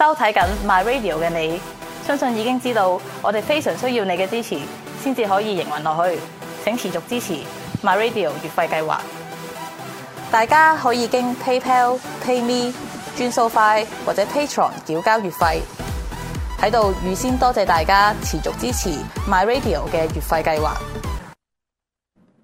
收睇緊 My Radio 嘅你，相信已經知道我哋非常需要你嘅支持，先至可以營運落去。請持續支持 My Radio 月費計劃。大家可以經 PayPal、PayMe、轉數快或者 Patreon 繳交月費。喺度預先多謝大家持續支持 My Radio 嘅月費計劃。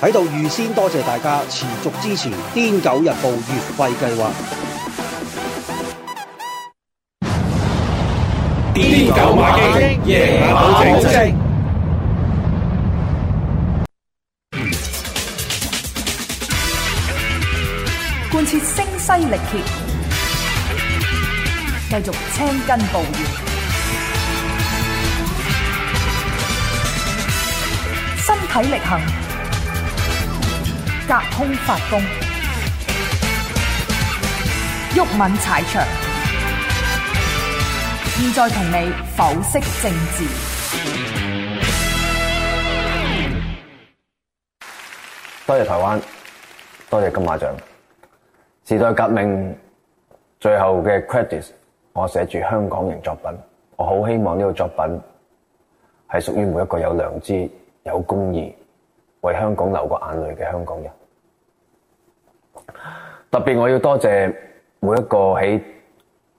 喺度預先多謝大家持續支持《癲狗日報月費計劃》。癲狗買機，夜晚靜靜，貫徹聲嘶力竭，繼續青筋暴現，身體力行。隔空發功，毓民踩場，現在同你剖析政治。多謝台灣，多謝金馬獎，時代革命最後嘅 credit，我寫住香港人作品，我好希望呢個作品係屬於每一個有良知、有公義、為香港流過眼淚嘅香港人。特別我要多謝每一個喺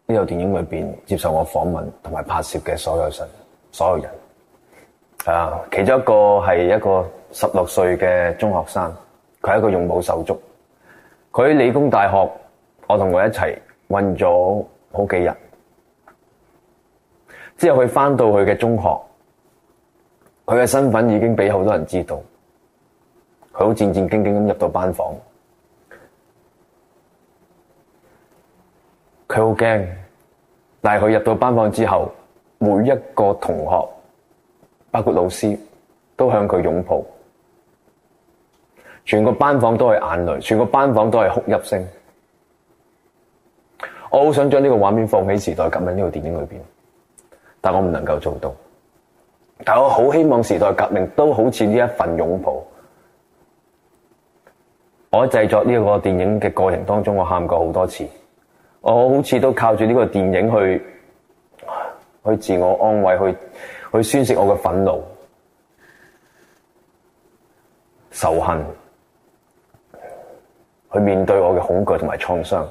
呢部電影裏邊接受我訪問同埋拍攝嘅所有人，所有人，所有人啊，其中一個係一個十六歲嘅中學生，佢係一個勇武手足，佢喺理工大學，我同佢一齊混咗好幾日，之後佢翻到佢嘅中學，佢嘅身份已經俾好多人知道，佢好戰戰兢兢咁入到班房。佢好驚，但係佢入到班房之後，每一個同學，包括老師，都向佢擁抱，全個班房都係眼淚，全個班房都係哭泣聲。我好想將呢個畫面放喺《時代革命》呢部電影裡面，但我唔能夠做到。但我好希望《時代革命》都好似呢一份擁抱。我喺製作呢個電影嘅過程當中，我喊過好多次。我好似都靠住呢個電影去去自我安慰，去去宣洩我嘅憤怒、仇恨，去面對我嘅恐懼同埋創傷。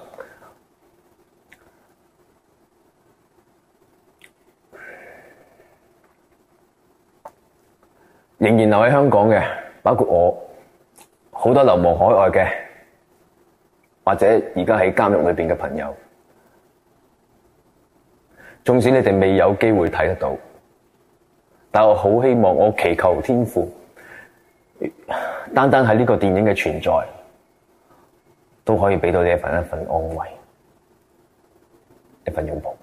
仍然留喺香港嘅，包括我好多流亡海外嘅。或者而家喺監獄裏邊嘅朋友，縱使你哋未有機會睇得到，但我好希望我祈求天父，單單喺呢個電影嘅存在，都可以俾到你一份一份安慰，一份擁抱。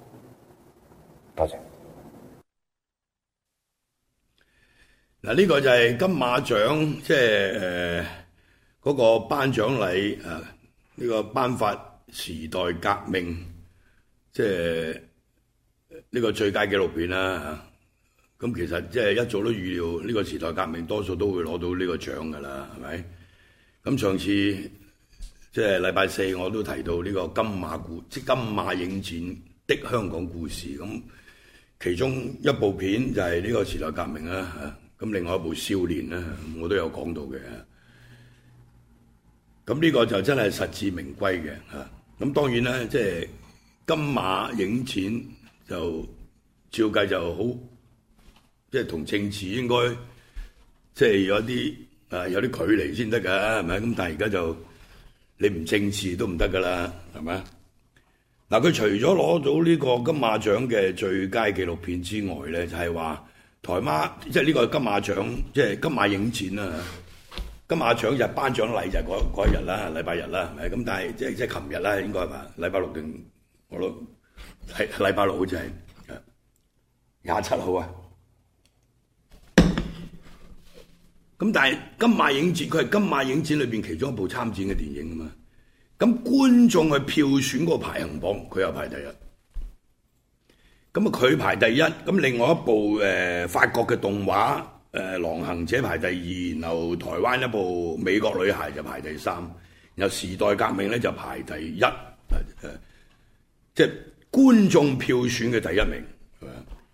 多謝。嗱，呢個就係金馬獎，即係誒嗰個頒獎禮啊。呢個頒發時代革命，即係呢個最佳紀錄片啦吓。咁其實即係一早都預料呢個時代革命多數都會攞到呢個獎㗎啦，係咪？咁上次即係禮拜四我都提到呢個金馬故，即係金馬影展的香港故事。咁其中一部片就係呢個時代革命啦吓。咁另外一部少年呢，我都有講到嘅。咁呢個就真係實至名歸嘅嚇。咁當然啦，即係金馬影展就照計就好，即係同政治應該即係有啲有啲距離先得㗎，係咪？咁但係而家就你唔政治都唔得㗎啦，係咪？嗱，佢除咗攞到呢個金馬獎嘅最佳紀錄片之外咧，就係話台媽，即係呢個金馬獎，即係金馬影展啊。金馬獎就係頒獎禮就係嗰一日啦，禮拜日啦，咁但係即即係琴日啦，應該吧？禮拜六定，我都係禮拜六好似係廿七號啊。咁但係金馬影展佢係金馬影展裏面其中一部參展嘅電影啊嘛。咁觀眾去票選嗰個排行榜佢又排第一。咁啊佢排第一，咁另外一部、呃、法國嘅動畫。誒、呃《狼行者》排第二，然後台灣一部《美國女孩》就排第三，然後《時代革命》咧就排第一，呃、即係觀眾票選嘅第一名。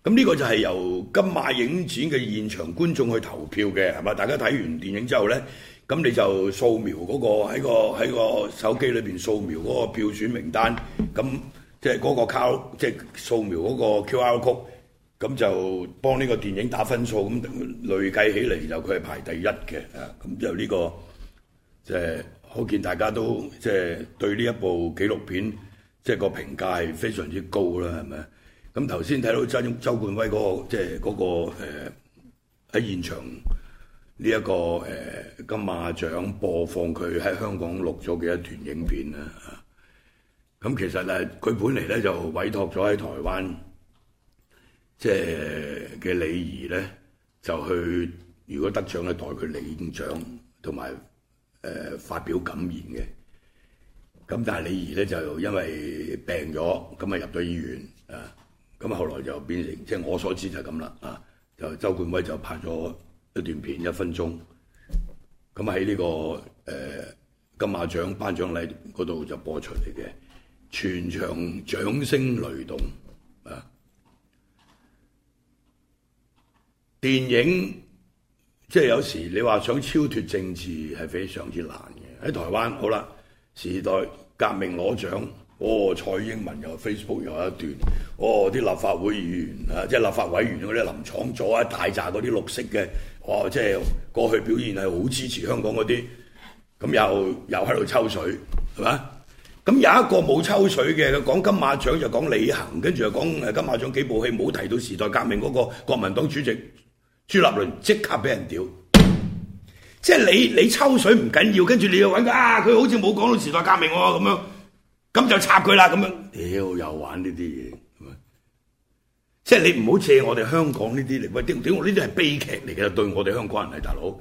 咁、嗯、呢、這個就係由金馬影展嘅現場觀眾去投票嘅。係咪大家睇完電影之後咧，咁你就掃描嗰、那個喺個喺個手機裏邊掃描嗰個票選名單，咁、嗯、即係嗰個 Q，即係掃描嗰個 QR code。咁就幫呢個電影打分數，咁累計起嚟就佢係排第一嘅，啊、呢個！咁就呢個即係可見大家都即係、即係、對呢一部紀錄片即係、即係、個評價係非常之高啦，係咪？咁頭先睇到周周冠威嗰、嗰個即係嗰個喺、呃、現場呢、呢、一個、呃、金馬獎播放佢喺香港錄咗嘅一段影片啊！咁其實呢，佢本嚟咧就委託咗喺台灣。即係嘅李儀咧，就去如果得獎咧，代佢領獎同埋誒發表感言嘅。咁但係李儀咧就因為病咗，咁啊入咗醫院啊，咁後來就變成即係我所知就係咁啦啊，就周冠威就拍咗一段片一分鐘，咁喺呢個、呃、金馬獎頒獎禮嗰度就播出嚟嘅，全場掌聲雷動。電影即係有時，你話想超脫政治係非常之難嘅。喺台灣好啦，時代革命攞獎，哦，蔡英文又 Facebook 又一段，哦，啲立法會議員啊，即係立法委員嗰啲林昶佐一大堆嗰啲綠色嘅，哦，即係過去表現係好支持香港嗰啲，咁又又喺度抽水，係嘛？咁有一個冇抽水嘅，講金馬獎就講李行，跟住又講誒金馬獎幾部戲冇提到時代革命嗰個國民黨主席。朱立倫即刻俾人屌，即係你你抽水唔緊要，跟住你要揾佢，啊，佢好似冇講到時代革命咁樣，咁就插佢啦咁樣。屌、欸、又玩呢啲嘢，即係你唔好借我哋香港呢啲嚟，喂屌屌，呢啲係悲劇嚟嘅，對我哋香港人係大佬。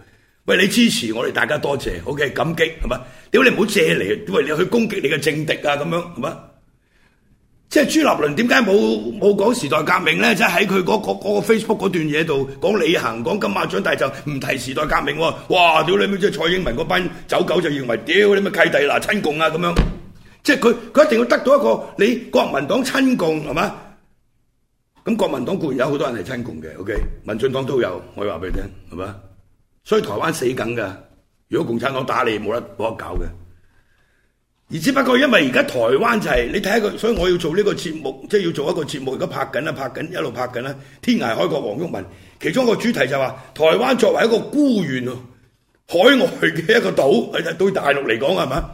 喂，你支持我哋大家多謝，好、OK, 嘅感激係嘛？屌你唔好借嚟，喂你去攻擊你嘅政敵啊咁樣係嘛？即係朱立倫點解冇冇講時代革命咧？即係喺佢嗰個嗰個 Facebook 嗰段嘢度講，李行講金馬長大就唔提時代革命喎！哇！屌你咩係蔡英文嗰班走狗就認為屌你咪契弟嗱親共啊咁樣，即係佢佢一定要得到一個你國民黨親共係嘛？咁國民黨固然有好多人係親共嘅，OK？民進黨都有，我話俾你聽係嘛？所以台灣死緊㗎，如果共產黨打你，冇得冇得搞嘅。而只不過因為而家台灣就係、是、你睇一個，所以我要做呢個節目，即係要做一個節目，而家拍緊啦，拍緊一路拍緊啦，《天涯海角》黃毓民，其中一個主題就話、是、台灣作為一個孤懸，海外嘅一個島，對大陸嚟講，係嘛？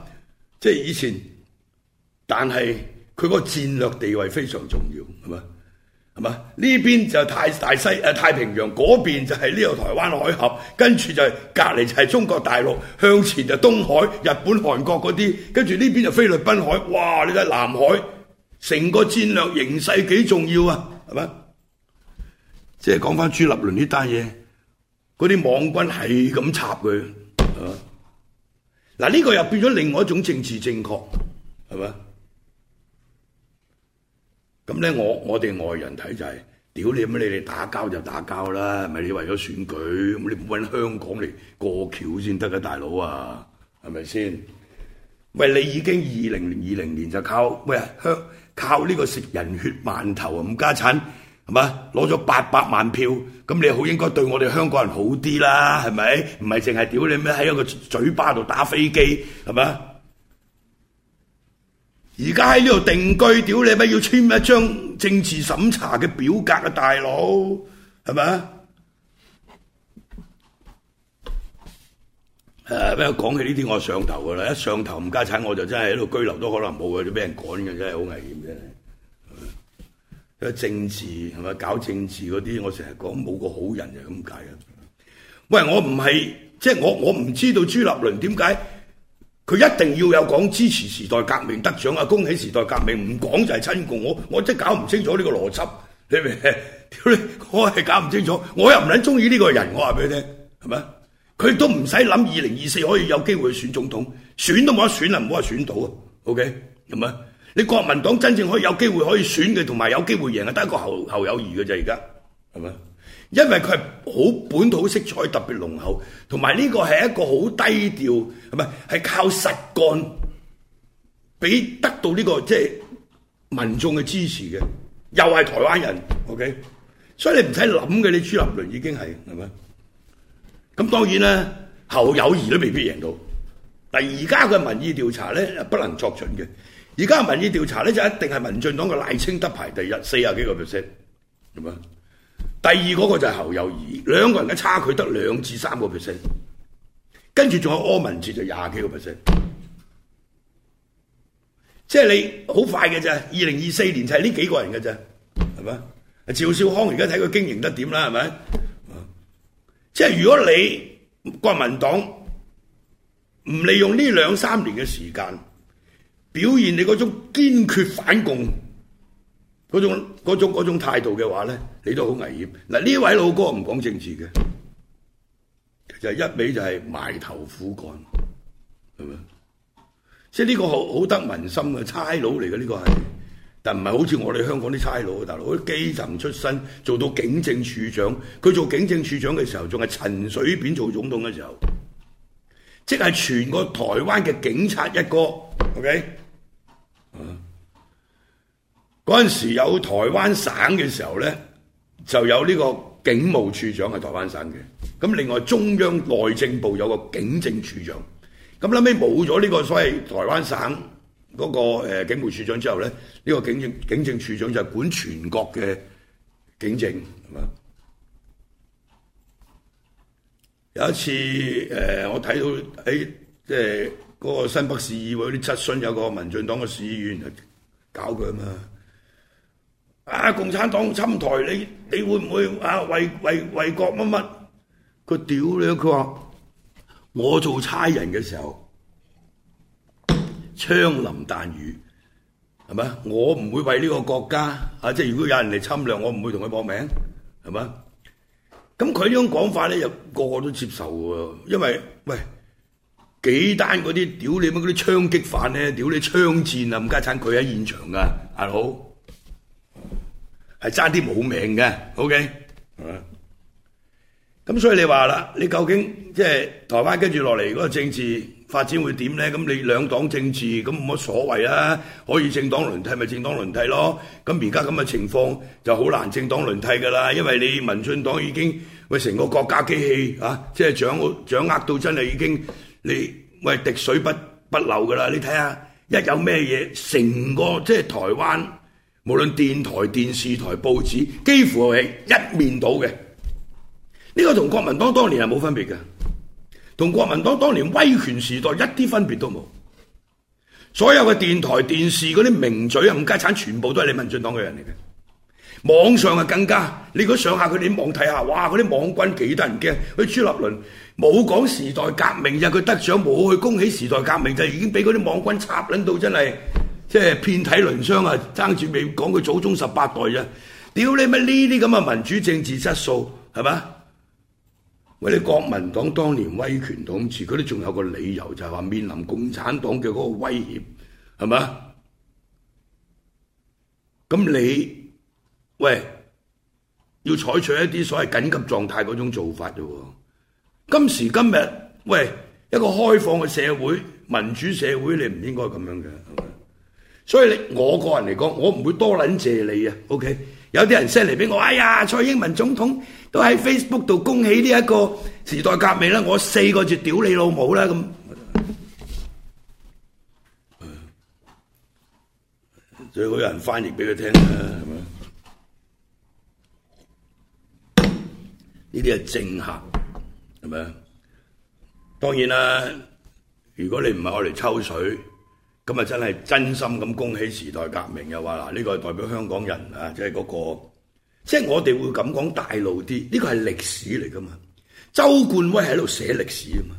即係、就是、以前，但係佢個戰略地位非常重要。係嘛？呢邊就太大西太平洋嗰邊就係呢個台灣海峽，跟住就係隔籬就係中國大陸，向前就東海、日本、韓國嗰啲，跟住呢邊就菲律賓海，哇！你睇南海成個戰略形勢幾重要啊？係嘛？即係講翻朱立倫呢單嘢，嗰啲網軍係咁插佢，係嘛？嗱，呢個又變咗另外一種政治正確，係嘛？咁咧，我我哋外人睇就係、是，屌你乜你哋打交就打交啦，咪你為咗選舉，你唔搵香港嚟過橋先得㗎大佬啊，係咪先？喂，你已經二零二零年就靠咩香，靠呢個食人血饅頭唔家鏟，係嘛？攞咗八百萬票，咁你好應該對我哋香港人好啲啦，係咪？唔係淨係屌你咩喺一個嘴巴度打飛機，係嘛？而家喺呢度定居，屌你咪要簽一張政治審查嘅表格嘅大佬，係咪啊？誒，講、啊、起呢啲我上頭噶啦，一上頭唔家產，我就真係喺度居留都可能冇嘅，都俾人趕嘅，真係好危險啫。有政治係咪搞政治嗰啲？我成日講冇個好人就咁解啊！喂，我唔係即係我我唔知道朱立倫點解。佢一定要有講支持時代革命得獎啊！恭喜時代革命，唔講就係親共。我我真搞唔清楚呢個邏輯，你明唔明？我係搞唔清楚。我又唔係中意呢個人，我話俾你聽，係咪？佢都唔使諗，二零二四可以有機會選總統，選都冇得選啊！唔好話選到啊。OK，係咪？你國民黨真正可以有機會可以選嘅，同埋有，有機會贏嘅，得一個侯，侯友宜嘅啫。而家，係咪？因為佢係好本土色彩特別濃厚，同埋呢個係一個好低調，係咪？係靠實幹俾得到呢個即係民眾嘅支持嘅，又係台灣人，OK，所以你唔使諗嘅，你朱立倫已經係，係咪？咁當然啦，侯友宜都未必贏到。但而家嘅民意調查咧，不能作準嘅。而家民意調查咧，就一定係民進黨嘅賴清德排第一，四十幾個 percent，係咪？第二嗰個就係侯友宜，兩個人嘅差距得兩至三個 percent，跟住仲有柯文哲就廿幾個 percent，即係你好快嘅啫。二零二四年就係呢幾個人嘅啫，係咪？趙少康而家睇佢經營得點啦，係咪？即係如果你國民黨唔利用呢兩三年嘅時間，表現你嗰種堅決反共。嗰種嗰種嗰種態度嘅話咧，你都好危險。嗱呢位老哥唔講政治嘅，其實一味就係埋頭苦幹，咁咪即係呢個好好得民心嘅差佬嚟嘅呢個係，但唔係好似我哋香港啲差佬啊，大佬基層出身做到警政處長，佢做警政處長嘅時候仲係陳水扁做總統嘅時候，即係全個台灣嘅警察一哥，OK？啊！嗰陣時有台灣省嘅時候呢，就有呢個警務處長係台灣省嘅。咁另外中央內政部有個警政處長。咁後尾冇咗呢個所謂台灣省嗰個警務處長之後呢，呢個警政警政處長就管全國嘅警政係嘛。有一次誒，我睇到喺即係嗰個新北市議會啲質詢，有個民進黨嘅市議員搞佢啊嘛。啊！共產黨侵台，你你會唔會啊？為為為國乜乜？佢屌你！佢話我做差人嘅時候，槍林彈雨，係咪？我唔會為呢個國家啊！即係如果有人嚟侵略，我唔會同佢搏命，係咪？咁佢呢種講法咧，又個，個個都接受喎，因為喂幾單嗰啲屌你乜嗰啲槍擊犯咧，屌你槍戰啊！冚家鏟佢喺現場㗎，大佬。係差啲冇命嘅，OK，啊，咁所以你話啦，你究竟即係台灣跟住落嚟嗰個政治發展會點咧？咁你兩黨政治咁冇乜所謂啦，可以政黨輪替咪政黨輪替咯。咁而家咁嘅情況就好難政黨輪替噶啦，因為你民進黨已經喂成個國家機器啊，即係掌握掌握到真係已經你喂滴水不不漏噶啦。你睇下，一有咩嘢，成個即係台灣。無論電台、電視台、報紙，幾乎係一面倒嘅。呢個同國民黨當年係冇分別嘅，同國民黨當年威權時代一啲分別都冇。所有嘅電台、電視嗰啲名嘴啊、冚家鏟，全部都係你民進黨嘅人嚟嘅。網上啊更加，你如果上下佢哋啲網睇下，哇！嗰啲網軍幾得人驚？佢朱立倫冇講時代革命啫，佢得獎冇去恭喜時代革命，就已經俾嗰啲網軍插捻到，真係。即係遍體鱗傷啊！爭住未講佢祖宗十八代啊，屌你乜呢啲咁嘅民主政治質素係嘛？我哋國民黨當年威權統治，佢哋仲有個理由就係話面臨共產黨嘅嗰個威脅係嘛？咁你喂要採取一啲所謂緊急狀態嗰種做法啫喎！今時今日喂一個開放嘅社會、民主社會，你唔應該咁樣嘅。所以你我個人嚟講，我唔會多撚謝你啊。OK，有啲人 send 嚟俾我，哎呀，蔡英文總統都喺 Facebook 度恭喜呢一個時代革命啦，我四個字屌你老母啦咁。最好有人翻譯俾佢聽啦，係咪？呢啲係政客，係咪啊？當然啦，如果你唔係攞嚟抽水。咁啊！真係真心咁恭喜時代革命，又話嗱，呢個係代表香港人啊，即係嗰個，即係我哋會咁講大路啲。呢個係歷史嚟噶嘛？周冠威喺度寫歷史啊嘛。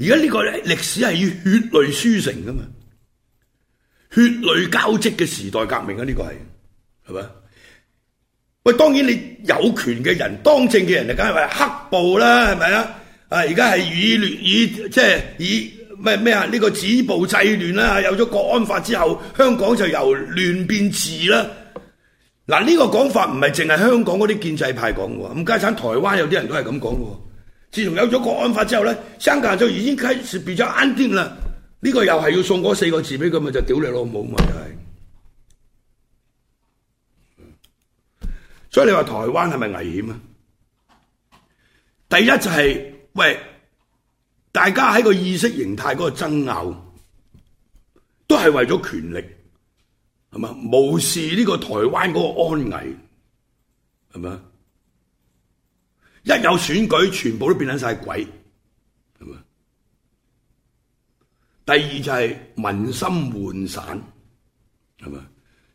而家呢個歷史係以血淚書成噶嘛，血淚交織嘅時代革命啊！呢個係係咪？喂，當然你有權嘅人，人當政嘅人梗係話黑暴啦？係咪啊？啊，而家係以以即係以。以咩咩啊？呢個止暴制亂啦，有咗國安法之後，香港就由亂變治啦。嗱，呢個講法唔係淨係香港嗰啲建制派講喎。咁家燦台灣有啲人都係咁講喎。自從有咗國安法之後咧，新加就已經開始變咗安定啦。呢個又係要送嗰四個字俾佢，咪就屌你老母嘛，就係。所以你話台灣係咪危險啊？第一就係，喂。大家喺個意識形態嗰個爭拗，都係為咗權力，係嘛，無視呢個台灣嗰個安危，係咪啊？一有選舉，全部都變晒鬼，係嘛？第二就係民心渙散，係嘛？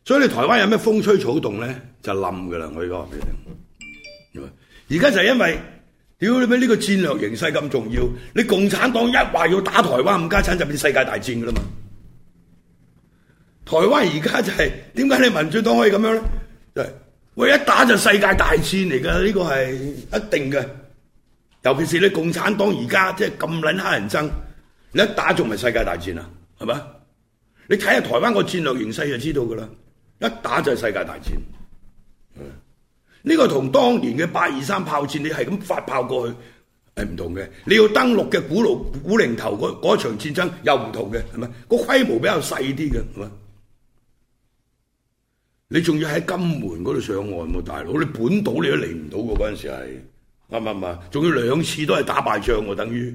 所以你台灣有咩風吹草動咧，就冧噶啦！我可以話俾你聽，而家就係因為。屌你咩？呢個戰略形勢咁重要，你共產黨一話要打台灣，五家產就變世界大戰噶啦嘛！台灣而家就係點解你民主黨可以咁樣咧？就係、喂、一打就世界大戰嚟噶，呢、呢個係一定嘅。尤其是你共產黨而家即係咁捻黑人憎，你一打仲係世界大戰啊？係咪？你睇下台灣個戰略形勢就知道噶啦，一打就係世界大戰。呢個同當年嘅八二三炮戰你係咁發炮過去係唔同嘅，你要登陸嘅古寧古寧頭嗰嗰場戰爭又唔同嘅，係咪個規模比較細啲嘅，係咪？你仲要喺金門嗰度上岸喎，大佬，你本島你都嚟唔到嘅，嗰陣時係啱唔啱啊？仲要兩次都係打敗仗喎、啊，等於。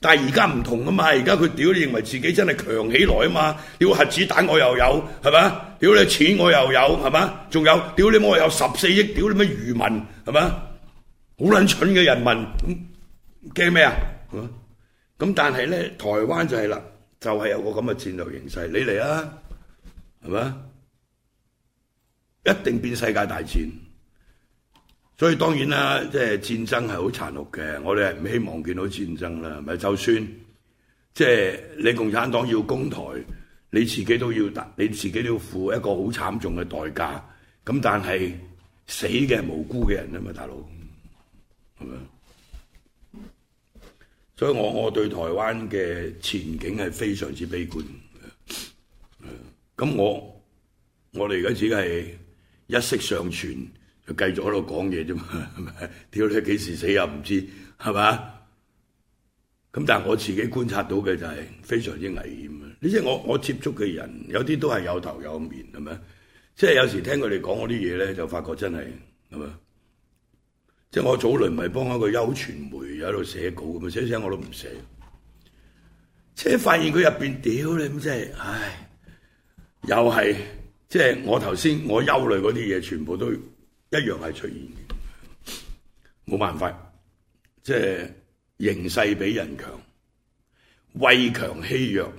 但係而家唔同啊嘛，而家佢屌你認為自己真係強起來啊嘛，屌核子彈我又有，係嘛？屌你錢我又有，係嘛？仲有屌你我有十四億屌你咩漁民，係嘛？好撚蠢嘅人民，驚咩啊？咁但係咧，台灣就係啦，就係、是、有個咁嘅戰略形勢，你嚟啊，係嘛？一定變世界大戰。所以當然啦，即係戰爭係好殘酷嘅，我哋係唔希望見到戰爭啦。係咪？就算即係、就是、你共產黨要攻台，你自己都要，你自己都要付一個好慘重嘅代價。咁但係死嘅係無辜嘅人啊嘛，大佬，係咪？所以我我對台灣嘅前景係非常之悲觀。咁我我哋而家只係一息尚存。就繼續喺度講嘢啫嘛，屌你幾時死又唔知，係咪？咁但係我自己觀察到嘅就係非常之危險啊！呢啲我我接觸嘅人有啲都係有頭有面，係咪？即係有時聽佢哋講嗰啲嘢咧，就發覺真係係咪？即係我早輪咪幫一個優傳媒喺度寫稿咁啊，寫寫我都唔寫，即係發現佢入面屌你咁即係，唉，又係即係我頭先我憂慮嗰啲嘢全部都。一樣係出現嘅，冇辦法，即係形勢比人強，畏強欺弱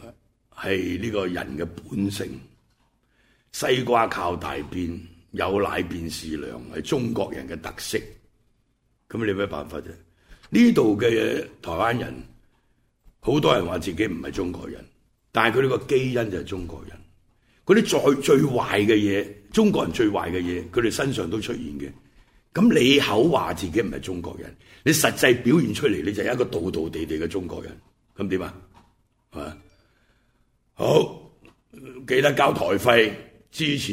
係呢個人嘅本性。西瓜靠大便，有奶便是娘，係中國人嘅特色。咁你有咩辦法啫？呢度嘅台灣人，好多人話自己唔係中國人，但係佢呢個基因就係中國人。嗰啲再最壞嘅嘢，中國人最壞嘅嘢，佢哋身上都出現嘅。咁你口話自己唔係中國人，你實際表現出嚟，你就係一個道道地地嘅中國人。咁點啊？好，記得交台費支持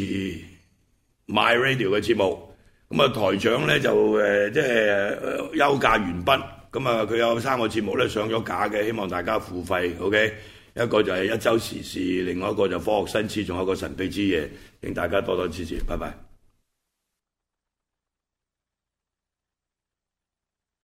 My Radio 嘅節目。咁啊，台長呢就即係、呃就係呃、休假完畢。咁啊，佢有三個節目呢上咗架嘅，希望大家付費。OK。一個就係一周時事，另外一個就係科學新知，仲有一個神秘之夜，令大家多多支持。拜拜。